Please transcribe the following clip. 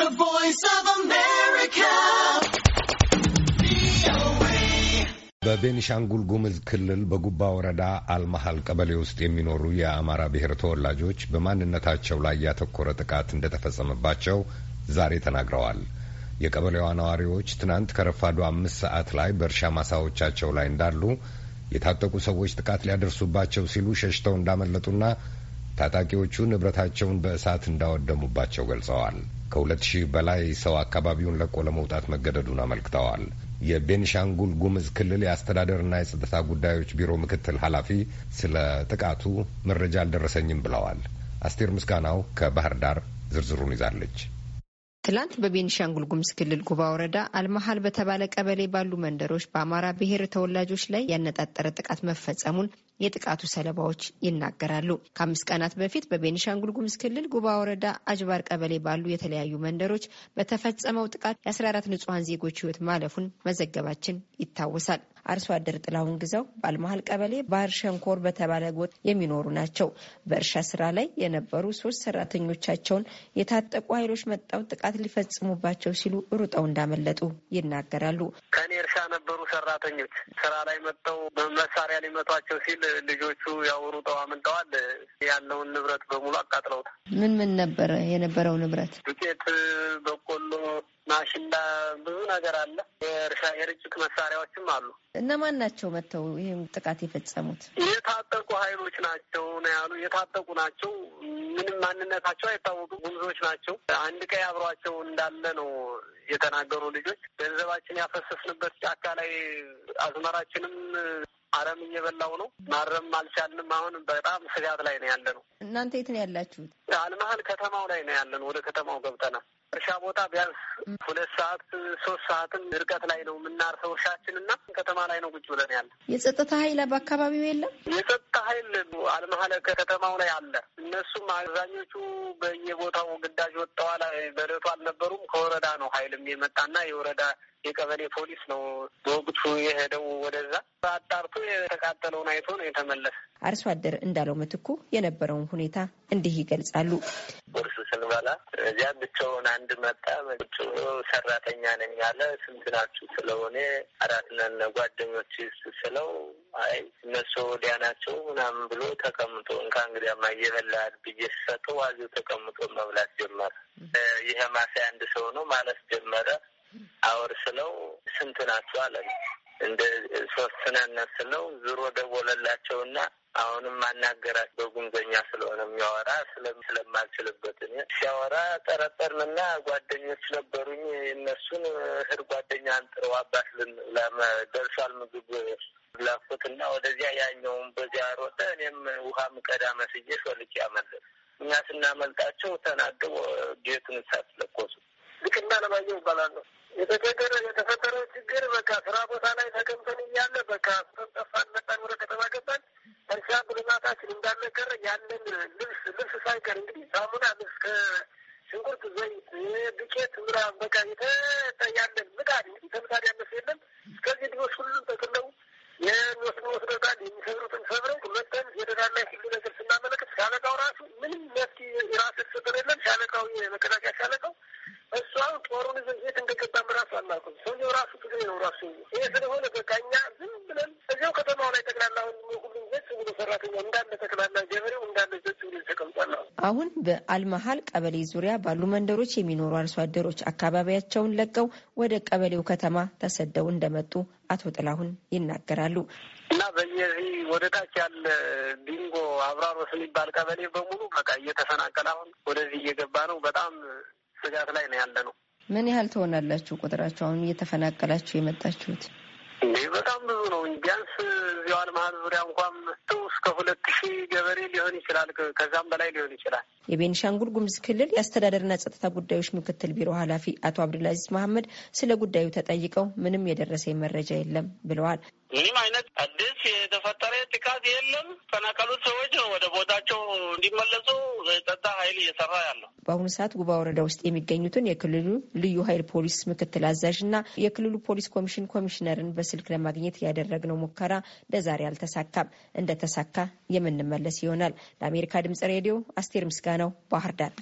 The Voice of America. በቤኒሻንጉል ጉምዝ ክልል በጉባ ወረዳ አልመሃል ቀበሌ ውስጥ የሚኖሩ የአማራ ብሔር ተወላጆች በማንነታቸው ላይ ያተኮረ ጥቃት እንደተፈጸመባቸው ዛሬ ተናግረዋል። የቀበሌዋ ነዋሪዎች ትናንት ከረፋዱ አምስት ሰዓት ላይ በእርሻ ማሳዎቻቸው ላይ እንዳሉ የታጠቁ ሰዎች ጥቃት ሊያደርሱባቸው ሲሉ ሸሽተው እንዳመለጡና ታጣቂዎቹ ንብረታቸውን በእሳት እንዳወደሙባቸው ገልጸዋል። ከሁለት ሺህ በላይ ሰው አካባቢውን ለቆ ለመውጣት መገደዱን አመልክተዋል። የቤኒሻንጉል ጉምዝ ክልል የአስተዳደርና የጸጥታ ጉዳዮች ቢሮ ምክትል ኃላፊ ስለ ጥቃቱ መረጃ አልደረሰኝም ብለዋል። አስቴር ምስጋናው ከባህር ዳር ዝርዝሩን ይዛለች። ትላንት በቤኒሻንጉል ጉምዝ ክልል ጉባ ወረዳ አልመሀል በተባለ ቀበሌ ባሉ መንደሮች በአማራ ብሔር ተወላጆች ላይ ያነጣጠረ ጥቃት መፈጸሙን የጥቃቱ ሰለባዎች ይናገራሉ። ከአምስት ቀናት በፊት በቤኒሻንጉል ጉሙዝ ክልል ጉባ ወረዳ አጅባር ቀበሌ ባሉ የተለያዩ መንደሮች በተፈጸመው ጥቃት የ14 ንጹሐን ዜጎች ህይወት ማለፉን መዘገባችን ይታወሳል። አርሶ አደር ጥላሁን ግዛው ባልመሀል ቀበሌ ባህር ሸንኮር በተባለ ጎጥ የሚኖሩ ናቸው። በእርሻ ስራ ላይ የነበሩ ሶስት ሰራተኞቻቸውን የታጠቁ ኃይሎች መጣው ጥቃት ሊፈጽሙባቸው ሲሉ ሩጠው እንዳመለጡ ይናገራሉ። ከኔ እርሻ ነበሩ ሰራተኞች ስራ ላይ መጥተው መሳሪያ ሊመቷቸው ሲል ልጆቹ ያወሩ ተዋምንተዋል። ያለውን ንብረት በሙሉ አቃጥለውታል። ምን ምን ነበረ የነበረው ንብረት? ዱቄት፣ በቆሎ፣ ማሽላ፣ ብዙ ነገር አለ። የእርሻ የርጭት መሳሪያዎችም አሉ። እነማን ናቸው መጥተው ይህም ጥቃት የፈጸሙት? የታጠቁ ኃይሎች ናቸው ነው ያሉ። የታጠቁ ናቸው። ምንም ማንነታቸው አይታወቁ ጉምዞች ናቸው። አንድ ቀይ አብሯቸው እንዳለ ነው የተናገሩ ልጆች ገንዘባችን ያፈሰስንበት ጫካ ላይ አዝመራችንም አረም እየበላው ነው። ማረም አልቻልንም። አሁን በጣም ስጋት ላይ ነው ያለ ነው። እናንተ የት ነው ያላችሁት? አልመሀል ከተማው ላይ ነው ያለ ነው። ወደ ከተማው ገብተናል። እርሻ ቦታ ቢያንስ ሁለት ሰዓት ሶስት ሰዓትም ርቀት ላይ ነው የምናርሰው እና ከተማ ላይ ነው ቁጭ ብለን ያለ። የጸጥታ ኃይል በአካባቢው የለም። የጸጥታ ኃይል አልመሀል ከተማው ላይ አለ። እነሱም አብዛኞቹ በየቦታው ግዳጅ ወጥተዋል። በደቱ አልነበሩም። ከወረዳ ነው ኃይልም የመጣና የወረዳ የቀበሌ ፖሊስ ነው በወቅቱ የሄደው ወደዛ አጣርቶ የተቃጠለውን አይቶ ነው የተመለሰ። አርሶ አደር እንዳለው ምትኩ የነበረውን ሁኔታ እንዲህ ይገልጻሉ። ቁርስ ስንበላ እዚያ ብቻውን አንድ መጣ። ቁጭ ሰራተኛ ነኝ ያለ ስንት ናችሁ ስለሆነ አራት ነን ጓደኞች ስለው አይ እነሱ ወዲያ ናቸው ምናምን ብሎ ተቀምጦ እንካ እንግዲያማ እየበላል ብዬ ስሰጠው ዋዜው ተቀምጦ መብላት ጀመረ። ይሄ ማሳይ አንድ ሰው ነው ማለት ጀመረ። አወር ስለው ስንት ናችሁ አለ እንደ ስለው ነው ደወለላቸው ደወለላቸውና አሁንም ማናገራት በጉምዘኛ ስለሆነ የሚያወራ ስለማልችልበት ሲያወራ ጠረጠርን ጠረጠርንና ጓደኞች ነበሩኝ። እነሱን እህድ ጓደኛ አንጥረው አባት ደርሷል ምግብ ላኩት ላኩትና ወደዚያ ያኛውም በዚያ ሮጠ። እኔም ውሃ ምቀዳ መስዬ ሾልቄ አመለጥ። እኛ ስናመልጣቸው ተናደው ቤቱን እሳት ለኮሱ። ልክና ለማየው ይባላል የተገደረ ሳይቀር እንግዲህ ሳሙና እስከ ሽንኩርት፣ ዘይት፣ ዱቄት ምናምን በቃ የተያለን ምጣድ እንግዲህ ከምጣድ ያነሰ የለም። እስከዚህ ድሮች ሁሉም ጠቅለው የሚወስዱ ወስደውታል። የሚሰብሩትን ሰብረው መጠን ፌደራል ሁሉ ነገር ስናመለክት ሻለቃው ራሱ ምንም መፍትሄ የራሱ ተሰጠን የለም። ሻለቃው የመከላከያ ሻለቃው እሱ አሁን ጦሩን ዘ የት እንደገባም ራሱ አናውቅም። ሰውየው ራሱ ትግሬ ነው ራሱ። ይህ ስለሆነ በቃ እኛ ዝም ብለን እዚያው ከተማው ላይ ጠቅላላ ሁሉም ቤት ሙሉ ሰራተኛ እንዳለ ጠቅላላ ገበሬው እንዳ አሁን በአልመሀል ቀበሌ ዙሪያ ባሉ መንደሮች የሚኖሩ አርሶ አደሮች አካባቢያቸውን ለቀው ወደ ቀበሌው ከተማ ተሰደው እንደመጡ አቶ ጥላሁን ይናገራሉ። እና በየዚህ ወደ ታች ያለ ዲንጎ አብራሮስ የሚባል ቀበሌ በሙሉ በቃ እየተፈናቀለ አሁን ወደዚህ እየገባ ነው። በጣም ስጋት ላይ ነው ያለ ነው። ምን ያህል ትሆናላችሁ ቁጥራችሁ አሁን እየተፈናቀላችሁ የመጣችሁት? እንዲህ በጣም ብዙ ነው። ቢያንስ በዚያዋን መሀል ዙሪያ እንኳም እስከ ሁለት ሺህ ገበሬ ሊሆን ይችላል፣ ከዛም በላይ ሊሆን ይችላል። የቤኒሻንጉል ጉሙዝ ክልል የአስተዳደርና ጸጥታ ጉዳዮች ምክትል ቢሮ ኃላፊ አቶ አብዱልአዚዝ መሐመድ ስለ ጉዳዩ ተጠይቀው ምንም የደረሰ መረጃ የለም ብለዋል። ምንም አይነት አዲስ የተፈጠረ ጥቃት የለም። ፈናቀሉት ሰዎች ወደ ቦታቸው እንዲመለሱ የጸጥታ ኃይል እየሰራ ያለው። በአሁኑ ሰዓት ጉባ ወረዳ ውስጥ የሚገኙትን የክልሉ ልዩ ኃይል ፖሊስ ምክትል አዛዥ እና የክልሉ ፖሊስ ኮሚሽን ኮሚሽነርን በስልክ ለማግኘት ያደረግነው ሙከራ ለዛሬ አልተሳካም። እንደተሳካ የምንመለስ ይሆናል። ለአሜሪካ ድምጽ ሬዲዮ አስቴር ምስጋናው ባህር ዳር።